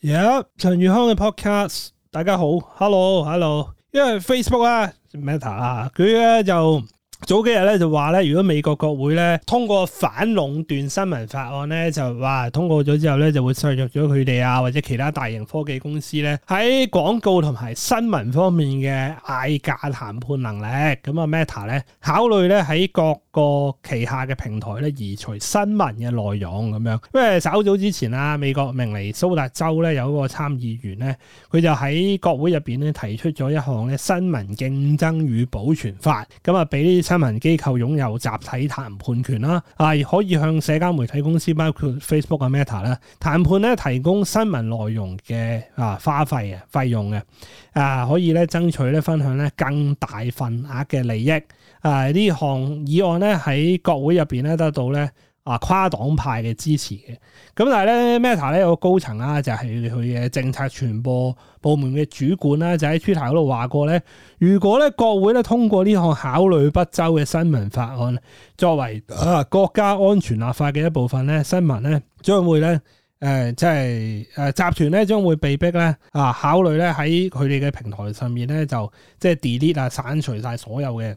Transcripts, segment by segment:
Yeah，陳宇康嘅 podcast，大家好，Hello，Hello，因為 Facebook 啊 Meta 啊，佢咧就早幾日咧就話咧，如果美國國會咧通過反壟斷新聞法案咧，就話通過咗之後咧就會削弱咗佢哋啊或者其他大型科技公司咧喺廣告同埋新聞方面嘅嗌價談判能力。咁啊，Meta 咧考慮咧喺國，個旗下嘅平台咧，移除新聞嘅內容咁樣。因為稍早之前啊美國明尼蘇達州咧有一個參議員咧，佢就喺國會入邊咧提出咗一項咧新聞競爭與保存法，咁啊俾呢啲新聞機構擁有集體談判權啦，啊可以向社交媒體公司包括 Facebook 嘅 Meta 啦談判咧提供新聞內容嘅啊花費啊費用嘅啊可以咧爭取咧分享咧更大份額嘅利益啊呢項議案咧。喺國會入邊咧得到咧啊跨黨派嘅支持嘅，咁但係咧 Meta 咧有個高層啦，就係佢嘅政策傳播部門嘅主管啦，就喺 Twitter 嗰度話過咧，如果咧國會咧通過呢項考慮不周嘅新聞法案，作為啊國家安全立法嘅一部分咧，新聞咧將會咧誒即係誒集團咧將會被逼咧啊考慮咧喺佢哋嘅平台上面咧就即係 delete 啊刪除晒所有嘅。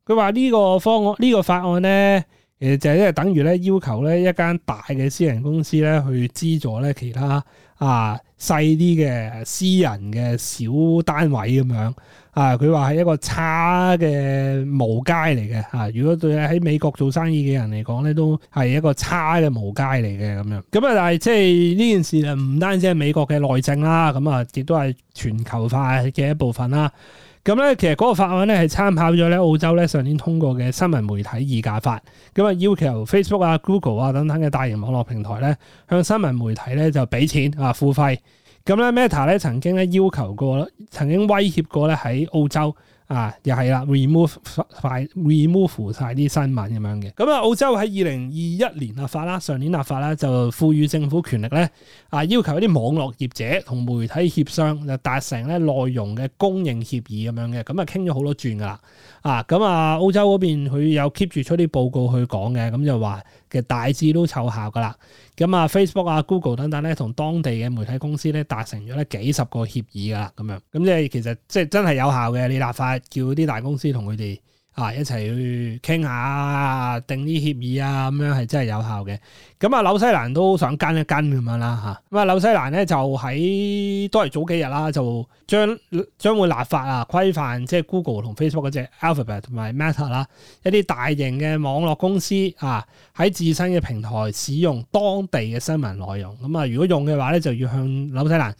佢話呢個方案呢，呢個法案咧，誒就係即係等於咧要求咧一間大嘅私人公司咧去資助咧其他啊細啲嘅私人嘅小單位咁樣啊。佢話係一個差嘅毛街嚟嘅啊。如果對喺美國做生意嘅人嚟講咧，都係一個差嘅毛街嚟嘅咁樣。咁啊，但係即係呢件事就唔單止係美國嘅內政啦，咁啊，亦都係全球化嘅一部分啦。咁咧，其實嗰個法案咧係參考咗咧澳洲咧上年通過嘅新聞媒體議價法，咁啊，要求 Facebook 啊、Google 啊等等嘅大型網絡平台咧，向新聞媒體咧就俾錢啊付費。咁咧 Meta 咧曾經咧要求過，曾經威脅過咧喺澳洲。啊，又係啦，remove 快 remove 曬啲新聞咁樣嘅。咁啊，澳洲喺二零二一年立法啦，上年立法啦，就賦予政府權力咧，啊要求一啲網絡業者同媒體協商就達，就達成咧內容嘅供應協議咁樣嘅。咁啊，傾咗好多轉噶啦。啊，咁啊，澳洲嗰邊佢有 keep 住出啲報告去講嘅，咁就話其實大致都奏效噶啦。咁啊，Facebook 啊、Facebook, Google 等等咧，同當地嘅媒體公司咧達成咗咧幾十個協議噶啦，咁樣。咁即係其實即係、就是、真係有效嘅，你立法。叫啲大公司同佢哋啊一齊去傾下，定啲協議啊咁樣係真係有效嘅。咁啊，紐西蘭都想跟一跟咁樣啦嚇。咁啊，紐西蘭咧就喺都係早幾日啦，就將將會立法啊規範，即係 Google 同 Facebook 嗰隻 Alphabet 同埋 Meta 啦，一啲大型嘅網絡公司啊喺自身嘅平台使用當地嘅新聞內容。咁啊，如果用嘅話咧，就要向紐西蘭。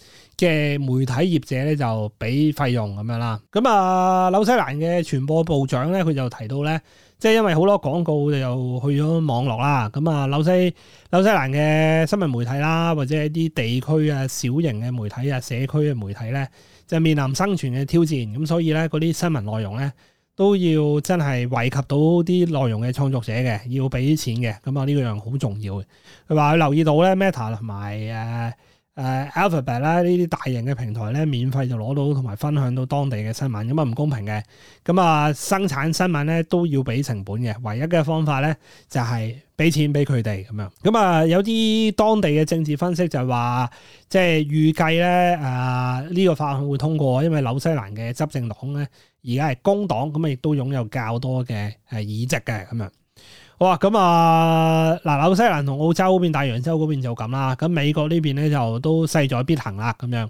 嘅媒體業者咧就俾費用咁樣啦，咁啊紐西蘭嘅傳播部長咧佢就提到咧，即係因為好多廣告就去咗網絡啦，咁啊紐西紐西蘭嘅新聞媒體啦，或者一啲地區啊小型嘅媒體啊社區嘅媒體咧，就面臨生存嘅挑戰，咁所以咧嗰啲新聞內容咧都要真係惠及到啲內容嘅創作者嘅，要俾錢嘅，咁啊呢個樣好重要嘅。佢話佢留意到咧 Meta 同埋誒。誒 Alphabet 啦，呢啲、啊、大型嘅平台咧，免費就攞到同埋分享到當地嘅新聞，咁啊唔公平嘅。咁啊生產新聞咧都要俾成本嘅，唯一嘅方法咧就係、是、俾錢俾佢哋咁樣。咁啊有啲當地嘅政治分析就係話，即、就、係、是、預計咧啊呢、這個法案會通過，因為紐西蘭嘅執政黨咧而家係工黨，咁啊亦都擁有較多嘅係議席嘅咁樣。哇，咁啊，嗱，紐西蘭同澳洲嗰邊、大洋洲嗰邊就咁啦，咁美國呢邊咧就都勢在必行啦，咁樣。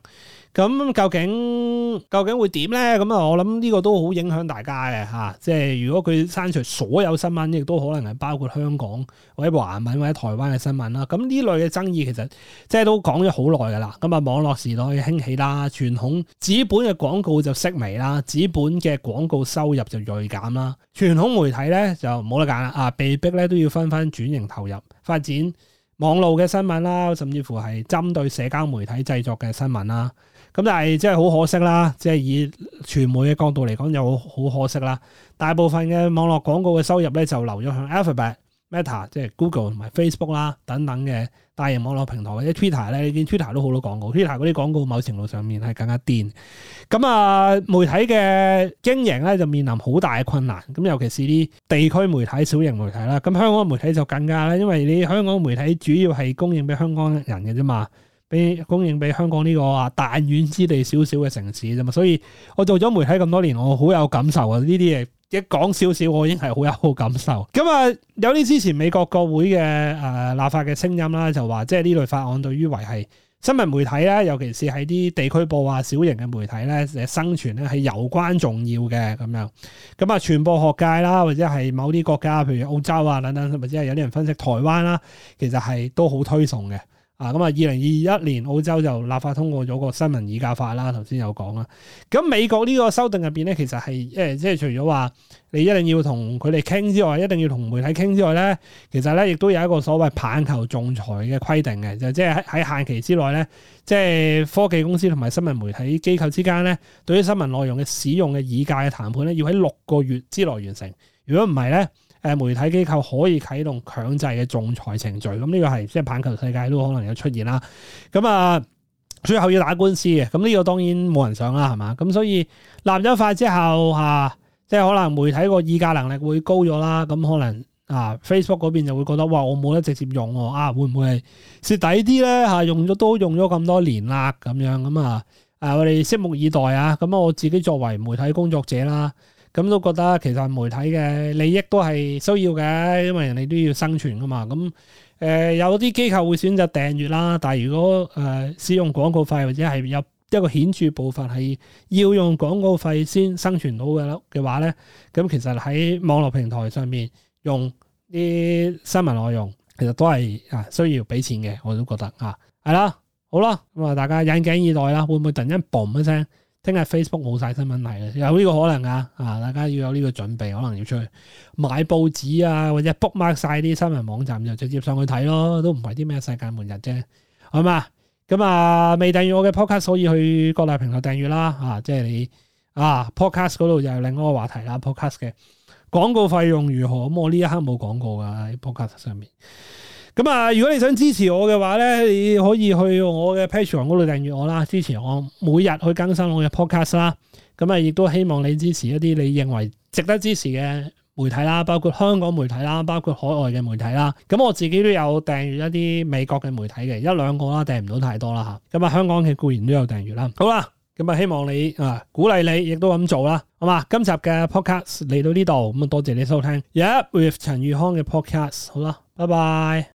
咁究竟究竟會點咧？咁啊，我諗呢個都好影響大家嘅吓、啊，即係如果佢刪除所有新聞，亦都可能係包括香港或者華文或者台灣嘅新聞啦。咁、啊、呢類嘅爭議其實即係都講咗好耐噶啦。咁啊，網絡時代嘅興起啦，傳統紙本嘅廣告就式微啦，紙本嘅廣告收入就銳減啦，傳統媒體咧就冇得揀啦，啊，被逼咧都要紛紛轉型投入發展網絡嘅新聞啦，甚至乎係針對社交媒體製作嘅新聞啦。咁但係即係好可惜啦，即係以傳媒嘅角度嚟講，又好可惜啦。大部分嘅網絡廣告嘅收入咧，就流咗向 Alphabet、Meta，即係 Google 同埋 Facebook 啦等等嘅大型網絡平台，或者 Twitter 咧，你見 Tw Twitter 都好多廣告，Twitter 嗰啲廣告某程度上面係更加癲。咁啊，媒體嘅經營咧就面臨好大嘅困難。咁尤其是啲地區媒體、小型媒體啦，咁香港媒體就更加啦，因為你香港媒體主要係供應俾香港人嘅啫嘛。俾供應俾香港呢個啊彈丸之地少少嘅城市啫嘛，所以我做咗媒體咁多年，我好有感受啊！呢啲嘢一講少少，我已經係好有好感受。咁啊，有啲之前美國國會嘅誒、呃、立法嘅聲音啦，就話即係呢類法案對於維係新聞媒體啦，尤其是喺啲地區報啊、小型嘅媒體咧生存咧係有關重要嘅咁樣。咁啊，傳播學界啦，或者係某啲國家，譬如澳洲啊等等，或者係有啲人分析台灣啦，其實係都好推崇嘅。啊，咁啊，二零二一年澳洲就立法通過咗個新聞議價法啦。頭先有講啦，咁美國呢個修訂入邊咧，其實係誒，即係除咗話你一定要同佢哋傾之外，一定要同媒體傾之外咧，其實咧亦都有一個所謂棒球仲裁嘅規定嘅，就即係喺限期之內咧，即係科技公司同埋新聞媒體機構之間咧，對於新聞內容嘅使用嘅議價嘅談判咧，要喺六個月之內完成。如果唔係咧，誒媒體機構可以啟動強制嘅仲裁程序，咁呢個係即係棒球世界都可能有出現啦。咁啊，最後要打官司嘅，咁呢個當然冇人想啦，係嘛？咁所以立咗法之後啊，即係可能媒體個議價能力會高咗啦。咁可能啊，Facebook 嗰邊就會覺得哇，我冇得直接用喎啊，會唔會係蝕底啲咧嚇？用咗都用咗咁多年啦，咁樣咁啊，啊，我哋拭目以待啊。咁啊，我自己作為媒體工作者啦。咁都覺得其實媒體嘅利益都係需要嘅，因為人哋都要生存噶嘛。咁誒、呃、有啲機構會選擇訂閱啦，但如果誒、呃、使用廣告費或者係有一個顯著部分係要用廣告費先生存到嘅嘅話咧，咁其實喺網絡平台上面用啲新聞內容，其實都係啊需要俾錢嘅。我都覺得係啦、啊，好啦，咁啊大家引頸以待啦，會唔會突然嘣一聲？聽日 Facebook 冇晒新聞嚟，嘅，有呢個可能噶，啊大家要有呢個準備，可能要出去買報紙啊，或者 Bookmark 晒啲新聞網站就直接上去睇咯，都唔係啲咩世界末日啫，好嘛？咁啊，未訂閱我嘅 Podcast，可以去各大平台訂閱啦，即、啊、係、就是、你啊 Podcast 嗰度又另一個話題啦，Podcast 嘅廣告費用如何？咁、嗯、我呢一刻冇廣告噶，喺 Podcast 上面。咁啊，如果你想支持我嘅話咧，你可以去我嘅 Patreon 嗰度訂閱我啦，支持我每日去更新我嘅 podcast 啦。咁啊，亦都希望你支持一啲你認為值得支持嘅媒體啦，包括香港媒體啦，包括海外嘅媒體啦。咁我自己都有訂閱一啲美國嘅媒體嘅，一兩個啦，訂唔到太多啦吓。咁啊，香港嘅固然都有訂閱啦。好啦，咁啊，希望你啊、呃、鼓勵你，亦都咁做啦。好嘛，今集嘅 podcast 嚟到呢度，咁啊，多謝你收聽。Yes，with、yeah, 陳宇康嘅 podcast，好啦，拜拜。